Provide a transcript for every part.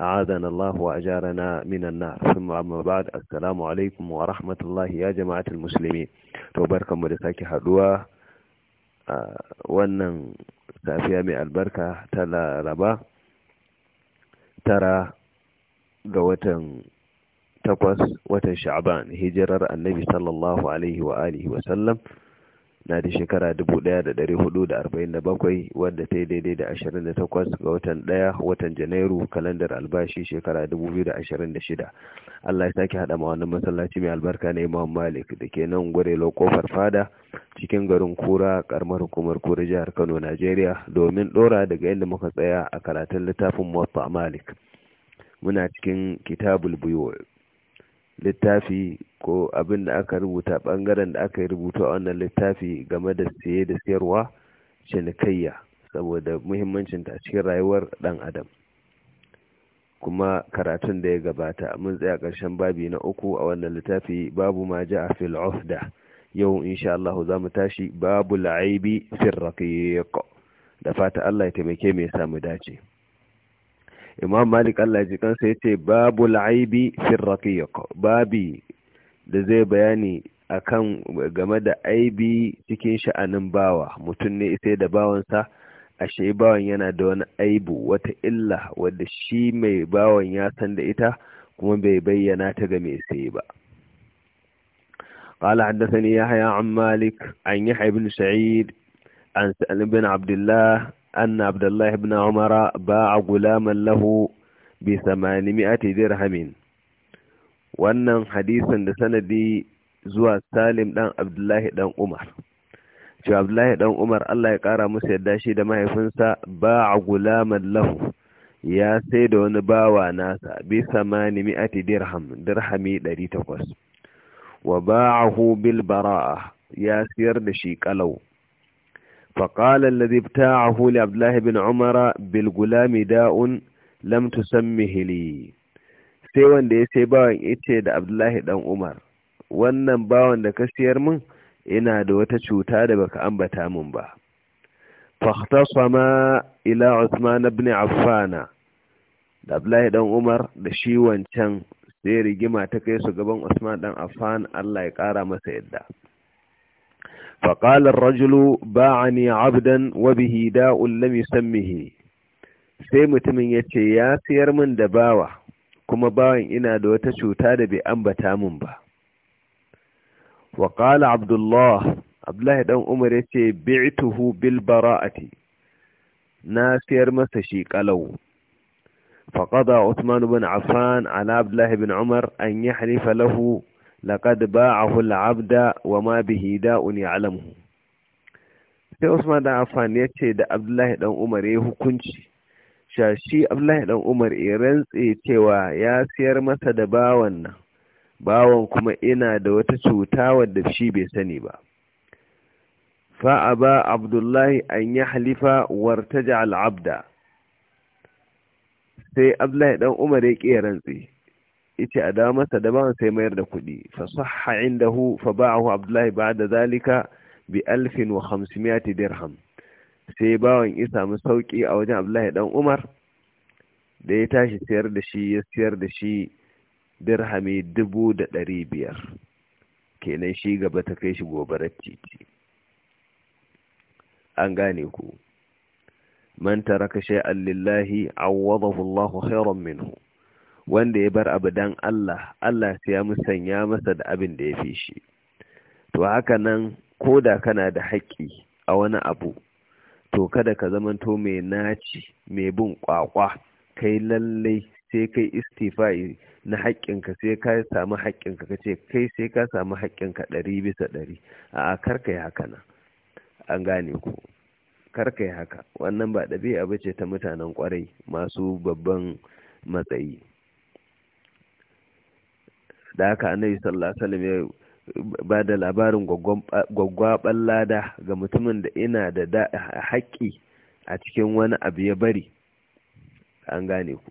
أعاذنا الله وأجارنا من النار ثم أما بعد السلام عليكم ورحمة الله يا جماعة المسلمين توبركم ورساك حدوة wannan safiya mai albarka ta laraba tara ga watan takwas watan sha'aban hijirar annabi sallallahu alaihi wa alihi wasallam na da shekara bakwai wadda ta yi daidai da 28 ga watan ɗaya watan janairu kalandar albashi shekara shida Allah ya sake haɗa ma wannan masallaci mai albarka na Imam Malik da ke nan gwarelo kofar fada cikin garin Kura karamar hukumar Kura jihar Kano Najeriya domin ɗora daga yadda muka tsaya a karatun littafin Muwatta Malik muna cikin kitabul littafi ko abin da aka rubuta bangaren da aka yi rubutu a wannan littafi game da siye da siyarwa cinikayya saboda muhimmancin a cikin rayuwar dan adam kuma karatun da ya gabata mun tsaya karshen babi na uku a wannan littafi babu ma ja a fil ofda yau insha Allah za mu tashi babu la'aibi firraqiq da fata Allah ya taimake mu ya samu dace imam malik Allah ya ji kansa yace babu aibi fi raqiq babi da zai bayani akan game da aibi cikin sha'anin bawa mutum ne sai da bawansa ashe bawan yana da wani aibu wata illa wadda shi mai bawan ya san da ita kuma bai bayyana ta ga mai sai ba قال حدثني يحيى عن مالك عن يحيى بن سعيد عن سأل بن أن عبد الله بن عمر باع غلاما له بثمانمائة wannan hadisin da sanadi zuwa salim ɗan abdullahi dan umar cewa abdullahi dan umar allah ya kara musu yadda shi da mahaifinsa ba a gulaman lahu ya sai da wani bawa nasa bi samani dirham dirhami 800 wa ba'ahu bil bara'a ya siyar da shi kalau فقال الذي ابتاعه لعبد الله بن عمر بالغلام داء لم تسمه لي sai wanda ya sai bawan ice da abdullahi dan umar wannan bawan da ka siyar min ina da wata cuta da baka ambata min ba fahtasama ila usman ibn affana da abdullahi dan umar da shi wancan sai rigima ta kai su gaban usman dan affan Allah ya kara masa yadda فقال الرجل باعني عبدا وبه داء لم يسمه sai mutumin ya ce ya siyar min da bawa kuma bawan ina da wata cuta da bai ambata min ba wa qala abdullah abdullahi dan umar ya ce bi'tuhu bil bara'ati na siyar masa shi kalau faqada usman ibn affan ala abdullah ibn umar an yahlifa lahu laqad ba hula abda wa ma bihi da'un alamu sai Usman dan afan ya ce da Abdullahi ɗan Umar ya hukunci shashi Abdullahi ɗan Umar ya rantse cewa ya siyar masa da bawan nan bawan kuma ina da wata cuta wadda shi bai sani ba Fa'a ba abdullahi an yi halifa wartaja al'abda sai abdullahi ɗan umar ya ƙi rantse. ita a dawo masa da sai mayar da kuɗi fa sahha indahu fa ba'ahu abdullahi ba'da zalika bi 1500 dirham sai bawan isa mu sauki a wajen abdullahi dan umar da ya tashi sayar da shi ya sayar da shi dirhami dubu da ɗari biyar kenan shi gaba ta kai shi gobarar titi an gane ku man taraka shay'an lillahi awwadahu Allahu khairan minhu wanda ya bar abu dan Allah Allah sai ya musanya masa da abin da ya fi shi to haka nan ko da kana da haƙƙi a wani abu to kada ka zamanto mai naci mai bin kwakwa kai lallai sai kai istifai na haƙƙinka sai ka samu haƙƙinka ka ce kai sai ka samu haƙƙinka ɗari bisa ɗari a karka yi haka na an gane ku karka yi haka wannan ba ɗabi'a ba ce ta mutanen kwarai masu babban matsayi da haka annabi sallallahu alaihi wasallam ya ba da labarin gwaggwaban lada ga mutumin da ina da haƙƙi a cikin wani abu ya bari an gane ku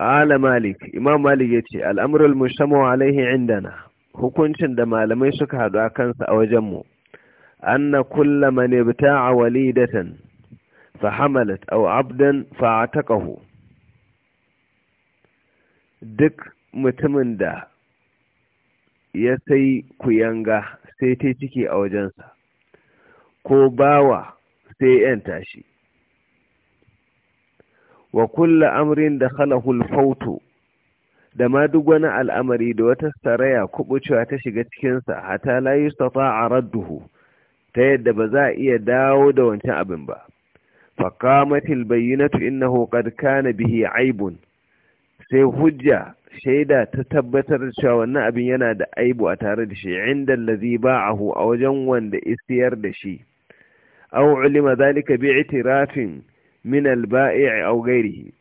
Ala malik imam malik ya ce al'amurul mushamman alaihi indana hukuncin da malamai suka haɗu a kansa a wajenmu an na kulla manibta a walidatan fahamalat aw abdan fa'ataqahu duk mutumin da ya sai kuyanga sai ta ciki a wajensa ko bawa sai yanta shi wa kulla amrin da khalahul fautu da ma duk wani al'amari da wata saraya kubucewa ta shiga cikinsa hata la yustafa a radduhu ta yadda ba za a iya dawo da wancan abin ba faƙamatil bayyinatu innahu qad kana bihi aibun sai hujja shaida ta tabbatar cewa wannan abin yana da aibu a tare da shi inda allazi ba'ahu a wajen wanda isiyar da shi aw ulima zalika minal min al-ba'i' aw ghairihi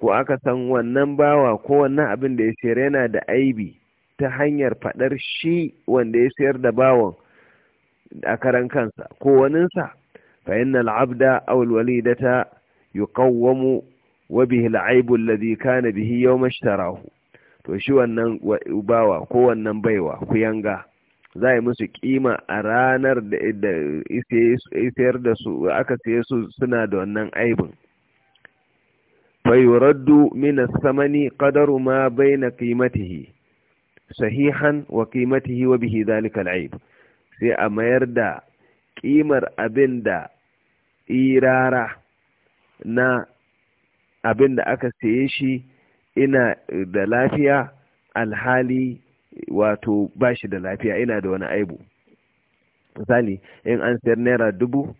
ko aka san wannan bawa ko wannan abin da ya sayar yana da aibi ta hanyar faɗar shi wanda ya sayar da bawan a karan kansa ko waninsa فإن العبد أو الوليدة يقوم وبه العيب الذي كان به يوم اشتراه to shi wannan ubawa ko wannan baiwa ku yanga za a yi musu kima a ranar da isayar da su aka saye su suna da wannan aibin fayuraddu mina samani qadaru ma baina qimatihi sahihan wa qimatihi wa bihi dhalika al'aib sai a mayar da ƙimar abin da irara na abin da aka saye shi ina da lafiya alhali wato ba shi da lafiya ina da wani aibu misali in an sayar naira dubu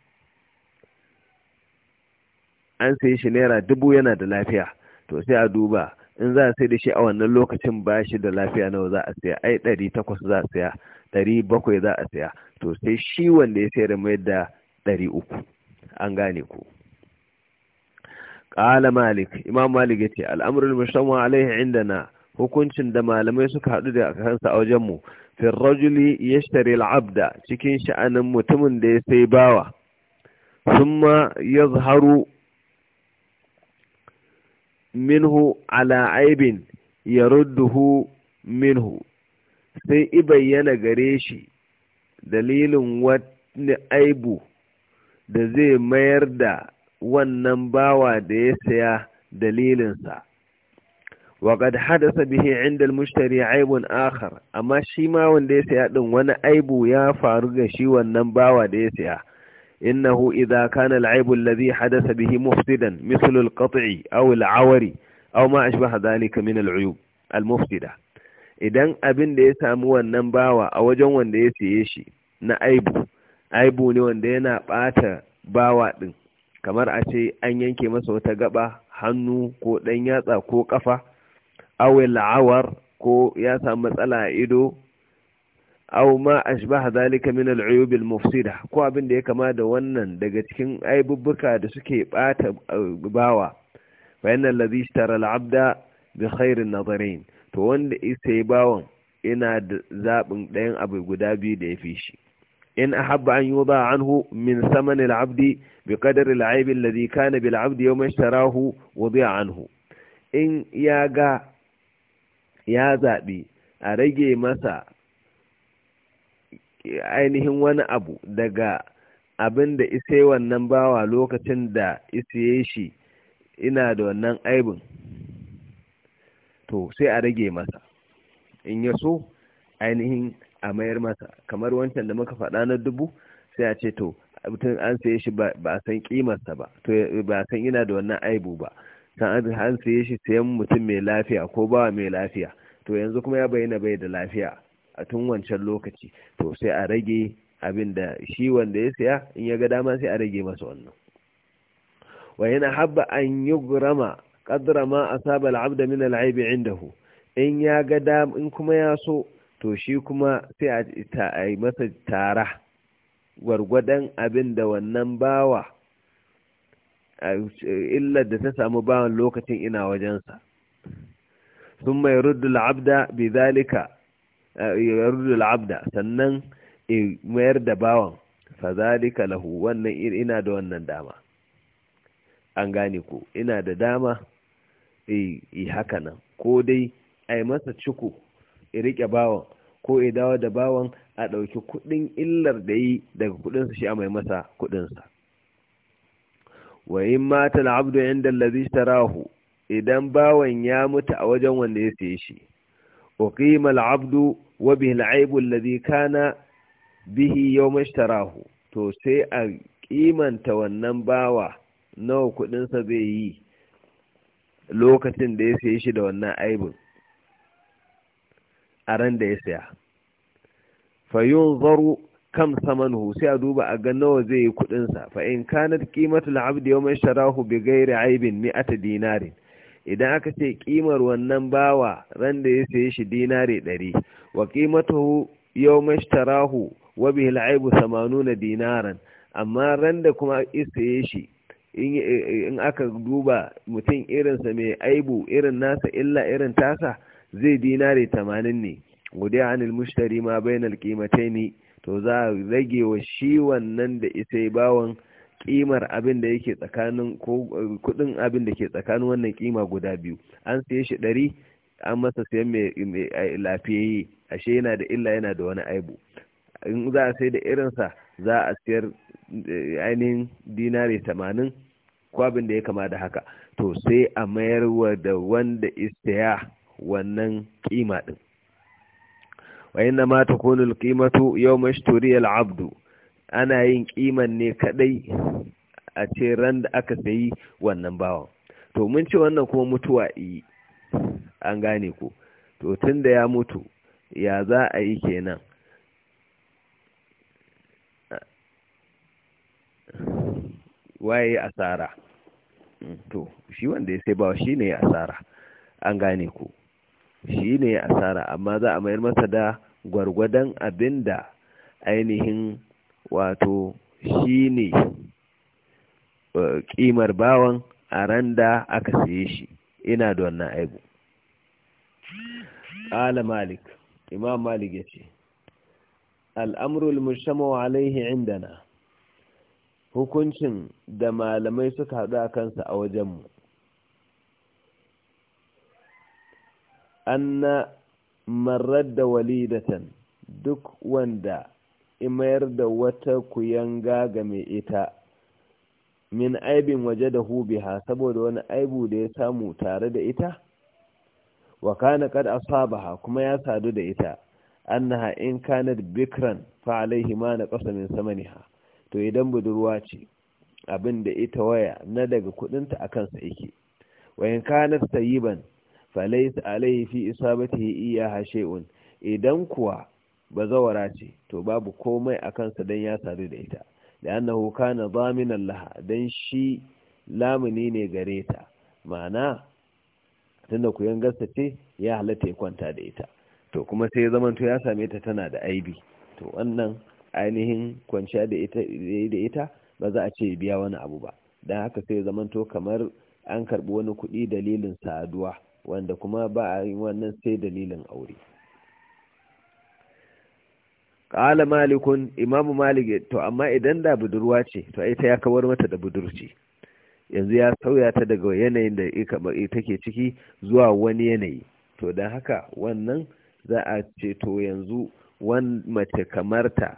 an sayi shi naira dubu yana da lafiya to sai a duba in za a sai da shi a wannan lokacin ba shi da lafiya nawa za a saya ai ɗari takwas za a saya ɗari bakwai za a saya to sai shi wanda ya sayar mai da ɗari uku an gane ku ƙala malik imam malik ya ce al'amurin musamman alaihi inda na hukuncin da malamai suka haɗu da kansa a wajenmu mu firrajuli ya shari cikin sha'anin mutumin da ya sai bawa sun ma ya zaharu minhu ala aibin ya rudduhu minhu sai i bayyana gare shi dalilin wani aibu da zai mayar da wannan bawa da ya saya dalilinsa waƙad hadasa bihi inda mushtari aibun akhar amma shi ma wanda ya saya din wani aibu ya faru ga shi wannan bawa da ya saya إنه إذا كان العيب الذي حدث به mislul مثل au أو au أو ما أشبه ذلك من العيوب المفسدة idan abin da ya sami wannan bawa a wajen wanda ya siye shi na aibu aibu ne wanda yana ɓata bawa ɗin kamar a ce an yanke masa wata gaɓa hannu ko ɗan yatsa ko ƙafa awil awar ko ya matsala a ido aw ma ashbaha zalika min al al-mufsida ko abin da ya kama da wannan daga cikin aibubbuka da suke bata bawa fa inna allazi ishtara al-abda bi khairin to wanda isa bawan ina da zabin ɗayan abu guda biyu da ya fi shi in ahabba an an anhu min saman al bi qadar al-aib alladhi kana bil hu yawma a an anhu in ya ga ya zaɓi a rage masa ainihin wani abu daga abin da yi wannan bawa lokacin da isiye shi ina da wannan aibin to sai a rage masa in ya so ainihin a mayar masa kamar wancan da muka faɗa na dubu sai a ce to mutum an saye shi ba san kimarsa ba to ba san ina da wannan aibu ba san an saye shi sayan mutum mai lafiya ko bawa mai lafiya to yanzu kuma ya bayyana bai da lafiya a tun wancan lokaci to sai a rage abin da shi wanda ya saya in ya ga dama sai a rage masa wannan wa yana habba an yi qadra ma a saba al'abda min al'aibi indahu in ya ga dama in kuma ya so to shi kuma sai a yi masa tara gwargwadon abin da wannan bawa illar da ta samu bawan lokacin ina wajensa sun mai ruddu abda bi zalika yarudul labda sannan mayar da bawan fazalika lahu wannan ina da wannan dama an gane ku ina da dama i haka nan ko dai a masa ciko i rike bawan ko i dawo da bawan a ɗauki kuɗin illar da yi daga kuɗinsa shi a mai masa kuɗinsa wa in mata al'abdu inda allazi tarahu idan bawan ya mutu a wajen wanda ya saye shi وقيم العبد وبه العيب الذي كان به يوم اشتراه to sai a ƙimanta wannan bawa nawa kudinsa zai yi lokacin da ya sayi shi da wannan aibin a ran da ya saya fayun kam samanhu sai a duba a ga nawa zai yi kudinsa fa in kanat qimatul abdi yawma sharahu bi ghairi aibin mi'ata dinarin idan aka ce kimar wannan bawa ran da ya saye shi dinare ɗari wa qimatuhu yawma ishtarahu wa bihi samanu na dinaran amma ran da kuma isaye shi in aka duba mutum irinsa mai aibu irin nasa illa irin tasa zai dinare tamanin ne gude anil mushtari ma bainal ne to za a rage wa shi wannan da isai bawan kimar abin da yake tsakanin ko eh, kudin abin da ke tsakanin wannan kima guda biyu an saye shi ɗari an masa sayan mai eh, lafiyayye ashe yana da illa yana da wani aibu in za a sai da irinsa za a siyar eh, ainihin dinari tamanin kwabin da ya kama da haka to sai a mayar wa da wanda istaya wannan kima din wa inna ma takunu al-qimatu yawma ishturiya Abdu. ana yin kiman ne kadai a ce ran da aka sayi wannan bawan to mun ce wannan kuma mutuwa yi an gane ku to tun da ya mutu ya za a yi kenan waye asara to shi wanda ya sai bawa shi ne asara an gane ku shi ne asara amma za a mayar masa da gwargwadon abin da ainihin wato shi ne eh, ƙimar bawan a ran da aka saye shi ina da wannan aibu ƙala malik imam malik ya ce al'amurul musamman alaihi indana hukuncin da malamai suka haɗu a kansa a wajenmu an na marar da walidatan duk wanda mayar da wata kuyanga ga mai ita min aibin waje da hubiha saboda wani aibu da ya samu tare da ita wa kana kad asabaha kuma ya sadu da ita annaha in kanat bikran fa alaihi ma na qasam min samaniha to idan budurwa ce abin da ita waya na daga ta akan sa yake wa in kanat sayiban fa laysa alaihi fi isabatihi iyaha shay'un idan kuwa bazawara ce to babu komai a kansa don ya sadu da ita da annahu kana zaminan laha don shi lamuni ne gare ta ma'ana tunda ku yangarsa ce ya halatta ya kwanta da ita to kuma sai ya zamanto ya same ta tana da aibi to wannan ainihin kwanciya da ita ba za a ce biya wani abu ba don haka sai zamanto kamar an karbi wani kuɗi dalilin saduwa wanda kuma ba a yi wannan sai dalilin aure ƙala malikun imamu malik to amma idan da budurwa ce to ita ya kawar mata da budurci yanzu ya sauya ta daga yanayin da take ciki zuwa wani yanayi to da haka wannan za a ce to yanzu wani mace kamar ta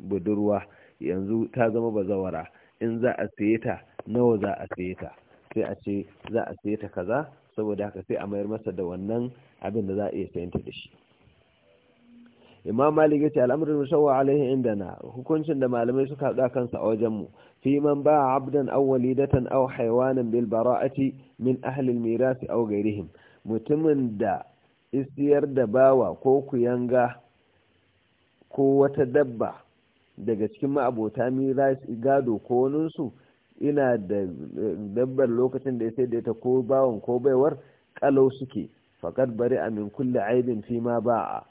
budurwa yanzu ta zama bazawara in za a saye ta nawa za a saye ta sai a ce za a saye ta kaza saboda haka sai a mayar masa da wannan abin da za a iya sayanta da shi imam malik yace al'amru musawwa alaihi indana hukuncin da malamai suka hadu kansa a wajen mu fi man ba abdan aw walidatan aw haywanan bil bara'ati min ahli al miras aw ghairihim mutumin da isiyar da bawa ko kuyanga ko wata dabba daga cikin ma'abota miras gado ko su ina da dabbar lokacin da ya sai da ta ko bawan ko baiwar kalau suke faƙar bari a min kulle aibin fi ma ba'a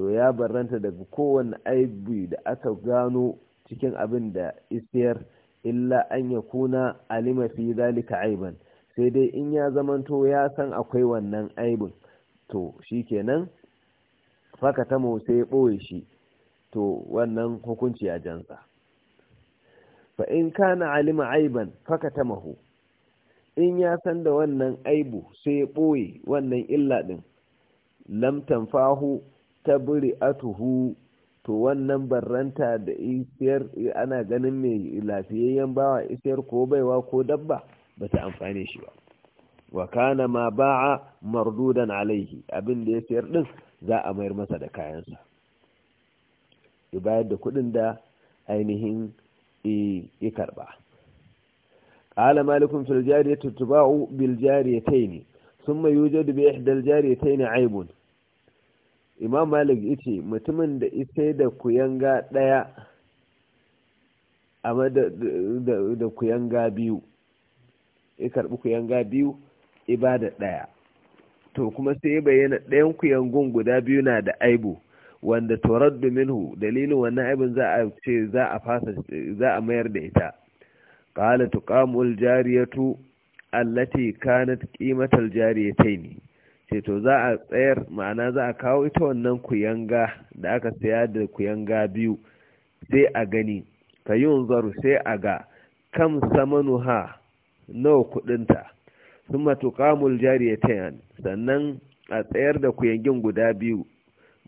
to ya barranta daga kowane aibi da aka gano cikin abin da isiyar illa an ya kuna alima fi zalika aiban sai dai in ya zamanto ya san akwai wannan aibin to shi kenan faka ta sai ya ɓoye shi to wannan hukunci a jansa fa in kana alima aiban faka ta mahu in ya san da wannan aibu sai ya ɓoye wannan illa ɗin lamtan fahu ta a atuhu to wannan barranta da isiyar ana ganin mai lafiyayyen bawa isiyar ko baiwa ko dabba ba ta amfane shi ba wa kana ma ba'a mardudan alaihi abin da ya sayar din za a mayar masa da kayansa ya bayar da kudin da ainihin ya karba qala malikum fil jariyati tutba'u bil jariyatayn thumma yujadu bi ihda al aibun. imam malik yace mutumin da ita da kuyanga daya a da kuyanga biyu ya karbi kuyanga biyu ibada daya to kuma sai ya bayyana ɗayan kuyangun guda biyu na da aibu wanda turaddu minhu dalilin wannan aibin za a ce za a fasa za a mayar da ita qala tuqamul jariyatu allati kanat qimatal jariyataini ce to za a tsayar ma'ana za a kawo ita wannan kuyanga da aka saya da kuyanga biyu sai a gani ka yi unzaru sai a ga kam samanu ha nawa kudinta sun matukamul yan sannan a tsayar da kuyangin guda biyu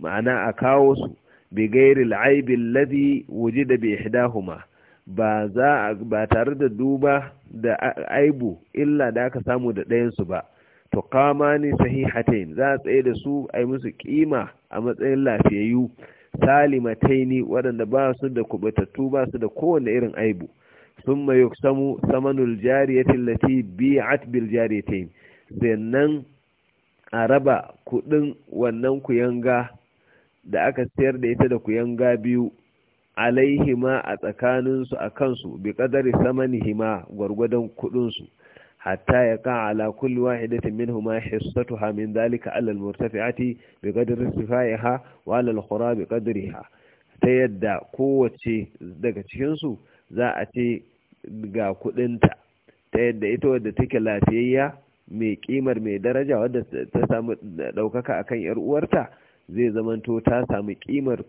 ma'ana a kawo su bi gairi ladi ladhi da bi ihdahuma ba za ba tare da duba da aibu illa da aka samu da ɗayan ba tukamani sahihatain za a tsaye da su ai musu kima a matsayin lafiyayyu salimataini waɗanda ba su da kubatattu ba su da kowane irin aibu sun summa samu samanul jariyati allati bi'at bil jariyatain sannan a raba kudin wannan kuyanga da aka sayar da ita da kuyanga biyu alaihima a tsakaninsu a kansu bi kadari samanihima gwargwadon kudinsu hatta ya ka ala kulli wahidatin minhuma hissatuha min dhalika ala almurtafi'ati bi qadri istifaiha wa ala alkhura bi ta yadda kowace daga cikin su za a ce ga kudinta ta yadda ita wadda take lafiyayya mai kimar mai daraja wadda ta samu daukaka akan yar uwarta zai zamanto ta samu kimar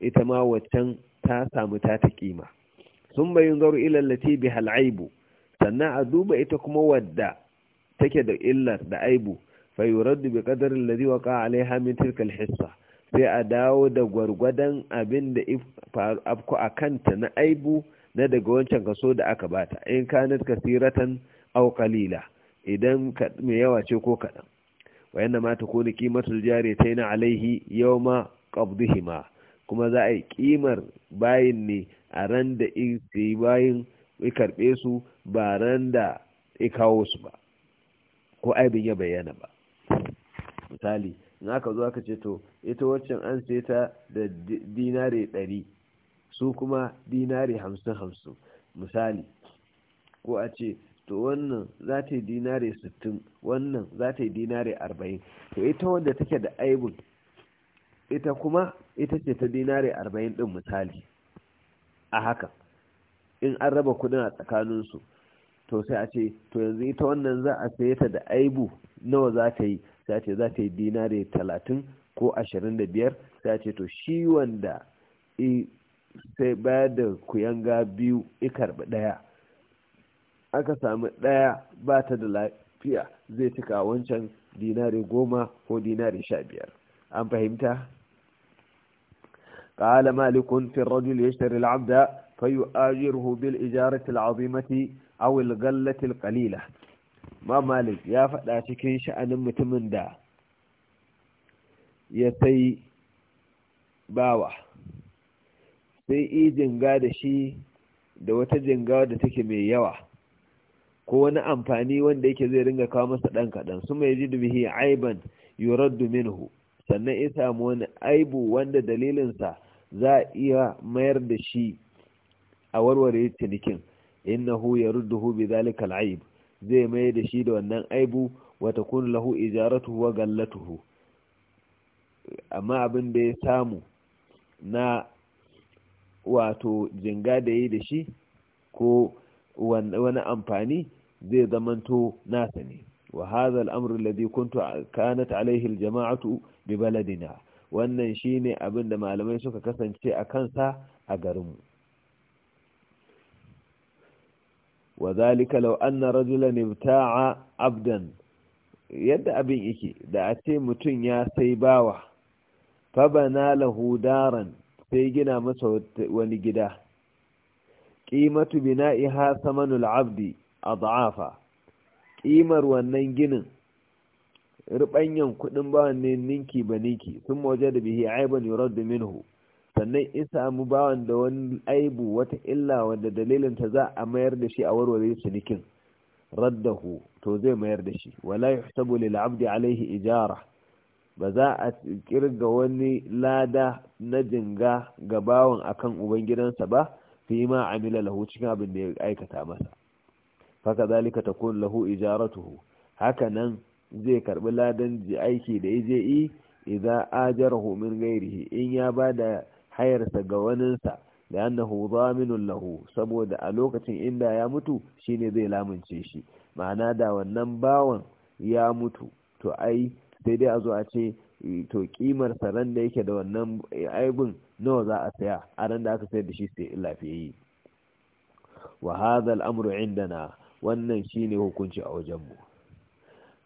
ita ma waccan ta samu ta ta kima sun bayin zaru ilallati bi hal'aibu sannan a duba ita kuma wadda take da illar da aibu fa yuraddu bi qadarin ladhi waqa alaiha min tilka alhissa sai a dawo da gwargwadon abin da afko a kanta na aibu na daga wancan kaso da aka bata in kanat kasiratan aw qalila idan mai yawa ce ko kadan wa yanda ma ta kone jari taina alaihi yawma ma kuma za a yi kimar bayin ne a ran da isi bayin ya karbe su ba ran da ya kawo su ba ko aibin ya bayyana ba misali in aka zo aka ce to ita waccan an sai ta da dinare ɗari su kuma dinare hamsin hamsin misali ko a ce to wannan za ta yi dinare sittin wannan za ta yi dinare arba'in to ita wadda take da aibin ita kuma ita ce ta dinare arba'in ɗin misali a haka in an raba kudin a tsakaninsu to sai a ce to yanzu ita wannan za a saye ta da aibu nawa za ta yi sai a ce za ta yi dinare talatin ko ashirin da biyar sai a ce to shi wanda sai bayar da kuyanga biyu i karbi ɗaya aka sami ɗaya ba ta da lafiya zai cika wancan dinare goma ko dinare sha biyar an fahimta قال مالك في الرجل يشتري العبد فيؤاجره بالإجارة العظيمة awil gallatil qalila ma malik ya faɗa cikin sha'anin mutumin da ya sai bawa sai i jinga da shi da wata jinga da take mai yawa ko wani amfani wanda yake zai ringa kawo masa ɗan kaɗan su mai jidu bihi aiban yuraddu minhu sannan ya samu wani aibu wanda dalilinsa za a iya mayar da shi a warware cinikin innahu yarudduhu bi zalika al'aib zai mai da shi da wannan aibu wa takun lahu ijaratuhu wa gallatuhu amma abin da ya samu na wato jinga da yi da shi ko wani amfani zai zamanto nasa ne wa hadha al-amru alladhi kuntu kanat alayhi al-jama'atu bi baladina wannan shine abin da malamai suka kasance a kansa a garinmu Wazalika لو أن رجلا ابتاع yadda abin ake da a ce mutum ya sai bawa fabana lahu daran sai gina masa wani gida ƙimatu bina'iha samanul abdi a za'afa ƙimar wannan ginin ruɓanyan kuɗin bawan ne ninki ba ninki sun waje da bihi aiban yuraddu minhu sannan in samu bawan da wani aibu wata illa wanda dalilin ta za a mayar da shi a warware cinikin raddahu to zai mayar da shi wala yuhsabu lil abdi alaihi ijara ba za a kirga wani lada na jinga ga bawan akan ubangidansa ba fi ma amila lahu cikin abin da ya aikata masa faka zalika takun lahu ijaratuhu haka nan zai karbi ladan aiki da ya je yi idza ajarahu min ghairihi in ya bada hayarsa ga waninsa da annahu zaminun lahu saboda a lokacin inda ya mutu shine zai lamunce shi ma'ana da wannan bawan ya mutu to ai sai dai a zo a ce to kimar saran da yake da wannan aibin nawa za a saya a ran da aka sayar da shi sai lafiyayi wa hadha al-amru indana wannan shine hukunci a wajenmu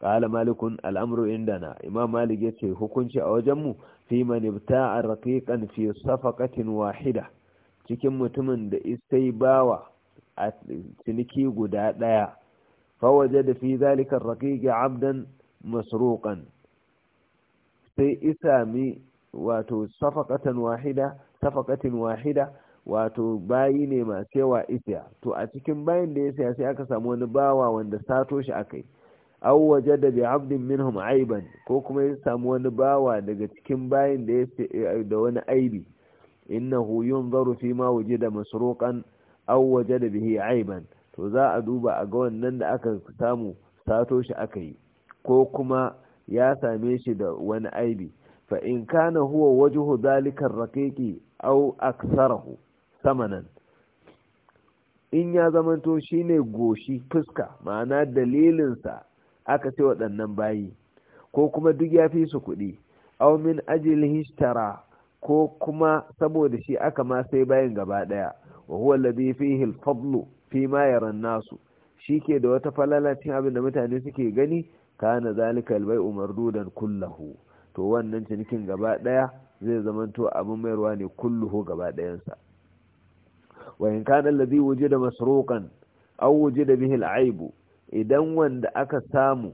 qala malikun al'amru indana imam malik yace hukunci a wajenmu fi man ibta'a raqiqan fi safaqatin wahida cikin mutumin da sai bawa a guda daya fa da fi zalika raqiqi 'abdan masruqan sai isami wato safaqatan wahida safaqatin wahida wato bayi ne masu yawa isa to a cikin bayin da ya saya sai aka samu wani bawa wanda sato shi akai aw wajada bi 'abdin minhum aiban ko kuma ya samu wani bawa daga cikin bayin da ya da wani aibi innahu yunzaru fi ma wajada masruqan aw wajada bihi aiban to za a duba a ga wannan da aka samu sato shi aka yi ko kuma ya same shi da wani aibi fa in kana huwa wajhu zalika raqiqi aw aktharahu samanan in ya zamanto shine goshi fuska ma'ana dalilinsa aka sai waɗannan bayi ko kuma duk ya fi su kuɗi aw min ajlihi hishtara ko kuma saboda shi aka ma sai bayin gaba ɗaya wa huwa alladhi fihi al-fadlu fi ma yara nasu shike da wata falalacin abin da mutane suke gani kana zalika al-bai'u mardudan kullahu to wannan cinikin gaba ɗaya zai zamanto abin mayarwa ne kulluhu gaba ɗayansa wa in kana alladhi wujida masruqan aw wujida bihi al-aibu idan wanda aka samu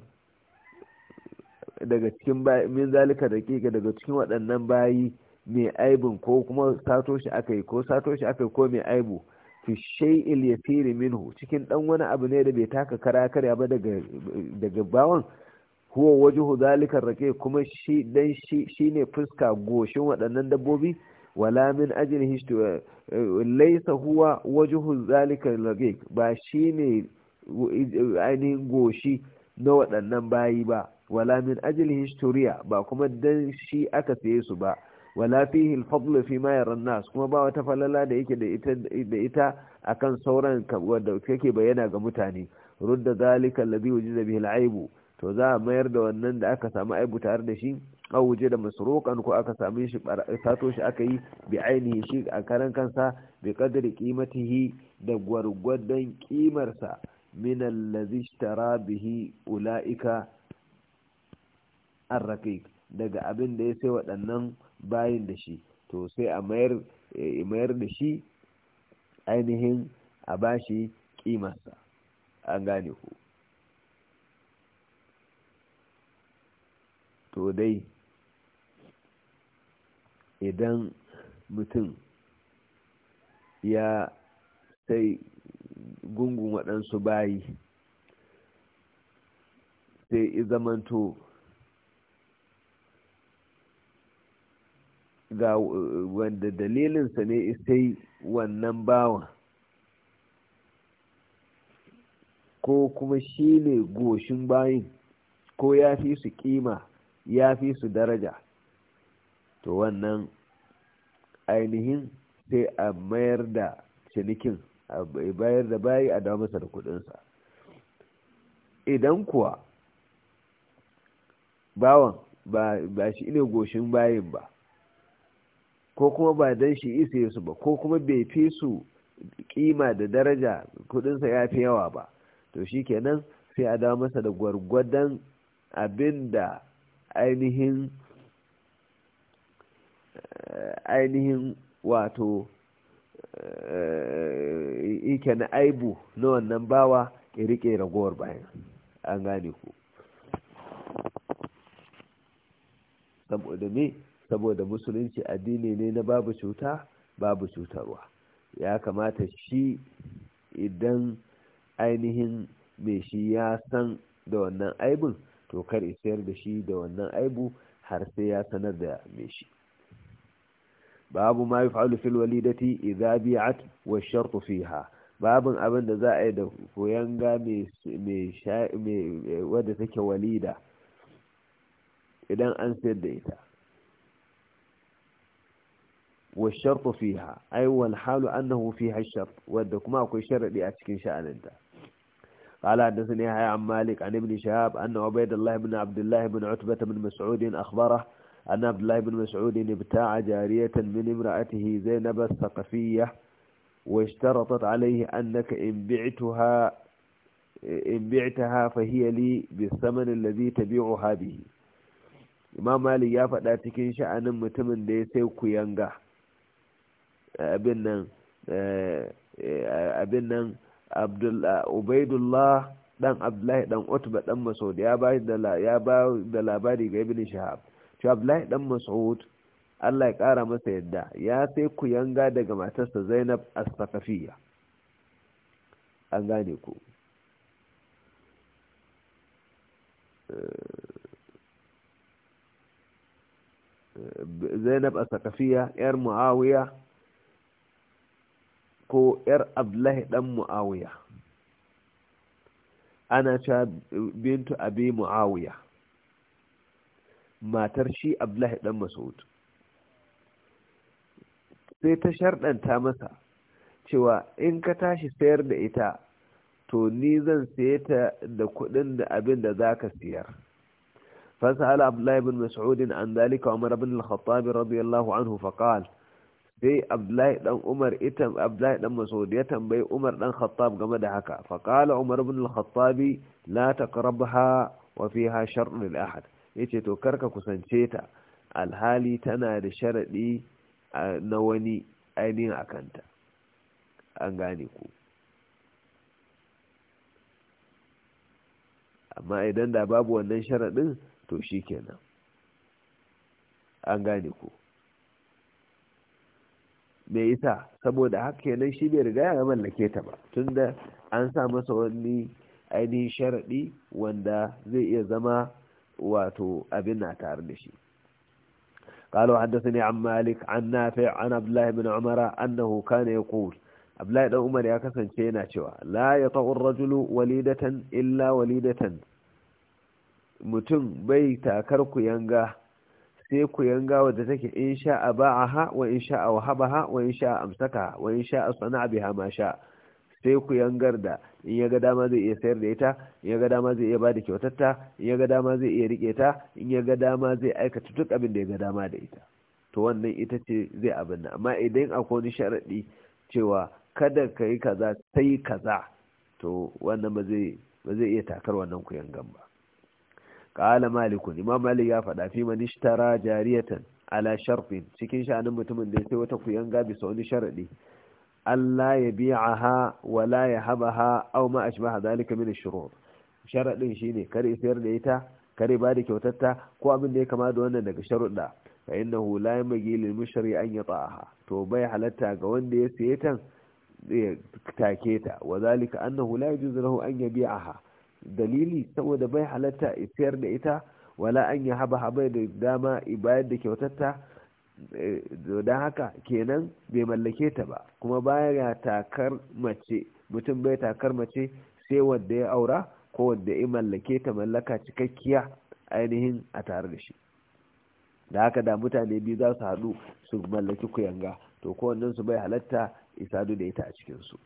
daga cikin min zalika daƙiƙa daga cikin waɗannan bayi mai aibin ko kuma sato shi aka yi ko sato shi aka yi ko mai aibu fi shay'il yasiri minhu cikin dan wani abu ne da bai taka kara kare ba daga daga bawan huwa wajhu zalika rake kuma shi dan shi shine fuska goshin waɗannan dabbobi wala min ajlihi eh, laysa huwa wajhu zalika rake ba shine ainihin goshi na waɗannan bayi ba wala min ajil historiya ba kuma dan shi aka saye su ba wala fi al fi ma nas kuma ba wata falala da yake da ita a kan sauran wanda kake bayyana ga mutane rudda zalika alladhi wujida bihi al-aibu to za a mayar da wannan da aka samu aibu tare da shi a waje da masrokan ko aka samu shi sato aka yi bi ainihi shi a karan kansa bi qadri qimatihi da gwargwadon kimarsa من الذي اشترى به أولئك الرقيق daga abin da ya sai waɗannan bayin da shi to sai a mayar da shi ainihin a bashi kimarsa an gane ku to dai idan mutum ya sai gungun waɗansu bayi sai i zamanto ga uh, wanda dalilinsa ne sai wannan bawan ko kuma shi ne goshin bayin ko ya fi su kima ya fi su daraja to wannan ainihin sai a mayar da cinikin bayar da bayi a dawo masa da kudinsa idan kuwa bawan ba shi ne goshin bayin ba ko kuma ba dan shi isa su ba ko kuma bai fi su kima da daraja kudinsa ya fi yawa ba to shi kenan sai a dawo masa da gwargwadon abin da ainihin eh, ainihin wato eh, ike na aibu na wannan bawa ya rike ragowar bayan an gane ku saboda me saboda musulunci addini ne na babu cuta babu cutarwa ya kamata shi idan ainihin mai shi ya san da wannan aibun to kar isayar da shi da wannan aibu har sai ya sanar da mai shi babu ma yi fa'alu fil walidati idza bi'at wa fiha babin abin da za a yi da koyanga wadda take walida idan an sayar da ita والشرط فيها أي أيوة والحال أنه فيها الشرط ودكما أكو شرط لأتكين شأن أنت قال حدثني يحيى عن مالك عن ابن شهاب أن عبيد الله بن عبد الله بن عتبة بن مسعود أخبره أن عبد الله بن مسعود ابتاع جارية من امرأته زينب الثقفية واشترطت عليه أنك إن بعتها إن بعتها فهي لي بالثمن الذي تبيعها به imam malik ya faɗa cikin sha'anin mutumin da ya sai kuyanga abin nan abin nan ubaidullah dan abdullahi dan utba dan mas'ud ya ba da labari ga ibn shahab to abdullahi dan mas'ud Allah ya ƙara masa yadda ya sai ku yanga daga matarsa Zainab As-Saqafiyya an gane ku Zainab As-Saqafiyya yar Muawiya ko yar Abdullahi dan Muawiya ana cewa bintu Abi Muawiya matar shi Abdullahi dan Mas'ud sai ta sharɗanta masa cewa in ka tashi sayar da ita to ni zan saye ta da kuɗin da abin da za ka siyar فسأل abdullahi bin بن مسعود عن ذلك عمر بن الخطاب radiyallahu anhu عنه sai Abdullahi dan Umar ita Abdullahi dan Mas'ud ya tambayi Umar dan Khattab game da haka fa qala Umar bin al-Khattabi la taqrabha wa fiha shar'un lil ahad yace to karka kusance ta alhali tana da sharadi na wani ainihin a kanta an gane ku amma idan da babu wannan sharaɗin to shi kenan an gane ku me yasa saboda haka kenan shi bai riga ya mallake ta ba tun da an sa masa wani ainihin sharaɗi wanda zai iya zama wato abin na tare da shi قالوا حدثني عن مالك عن نافع عن عبد الله بن عمر أنه كان يقول عبد الله بن عمر يا كسن شينا شوى لا يطأ الرجل وليدة إلا وليدة mutum bai takar yanga sai kuyanga wadda take in sha'a ba'aha wa in sha'a wahabaha wa in sha'a amsaka wa in sha'a ma sai ku yangar da in ya ga dama zai iya sayar da ita in ya ga dama zai iya bada kyautatta in ya ga dama zai iya rike ta in ya ga dama zai aikata duk abin da ya ga dama da ita to wannan ita ce zai abin da amma idan akwai wani sharaɗi cewa kada ka yi kaza sai kaza to wannan ba zai ba zai iya takar wannan kuyangan ba qala malikun imam malik ya faɗa fi man ishtara jariyatan ala sharfin cikin sha'anin mutumin da sai wata kuyanga bisa wani sharaɗi. Allah ya bi'aha wala ya habaha aw ma ashbaha zalika min ash-shurur shine kare sayar da ita kare ba da kyautarta ko abin da ya kama da wannan daga sharuɗa fa innahu la yamghi lil mushri an yata'aha to bai halatta ga wanda ya saye ta take ta wa zalika annahu la yajuzu lahu an yabi'aha dalili saboda bai halatta sayar da ita wala an yahabaha bai da dama ibayar da kyautarta Eh, don haka kenan bai mallake ta ba kuma baya takar mace mutum bai takar mace sai wanda ya aura ko wanda ya mallake ta mallaka cikakkiya ainihin a tare da shi da haka da mutane biyu za su haɗu su mallaki kuyanga to kowannen su bai halatta isa da ita a cikinsu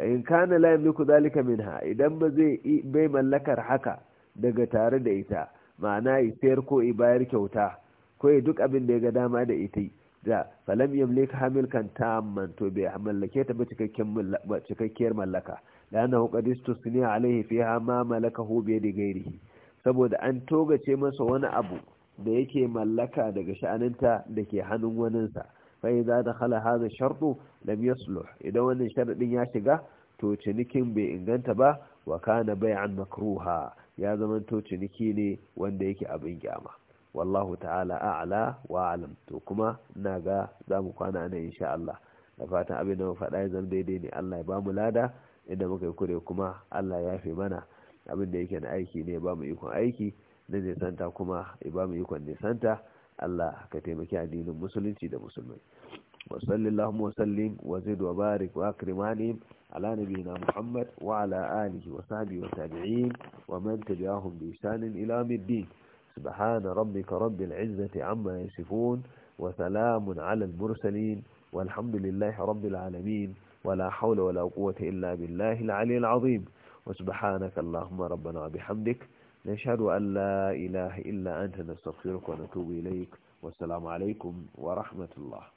in kana la yamliku zalika minha idan ba zai bai mallakar haka daga tare da ita ma'ana ya sayar ko ya bayar kyauta ko ya duk abin da ya ga dama da ita da falam yamlika hamilkan amman to bai mallake ta ba cikakkiyar mallaka da ana hukadistu su ne alaihi fi ma malaka hobe da gairihi saboda an togace masa wani abu da yake mallaka daga sha'aninta da ke hannun waninsa fai za da hala haza sharɗu da yasluh idan wannan sharaɗin ya shiga to cinikin bai inganta ba wa kana bai'an makruha ya zamanto ciniki ne wanda yake abin kyama wallahu ta'ala a'la wa alam to kuma ina ga za mu kwana ne insha Allah da fatan abin da mu faɗa ya zama daidai ne Allah ya ba mu lada inda muka yi kure kuma Allah ya fi mana abin da yake na aiki ne ba mu ikon aiki na santa kuma ya ba mu ikon santa. Allah ka taimaki addinin musulunci da musulmai وصل اللهم وسلم وزد وبارك وأكرم عليهم على نبينا محمد وعلى آله وصحبه وتابعين ومن تبعهم بإحسان إلى الدين سبحان ربك رب العزة عما يصفون وسلام على المرسلين والحمد لله رب العالمين ولا حول ولا قوة إلا بالله العلي العظيم وسبحانك اللهم ربنا وبحمدك نشهد أن لا إله إلا أنت نستغفرك ونتوب إليك والسلام عليكم ورحمة الله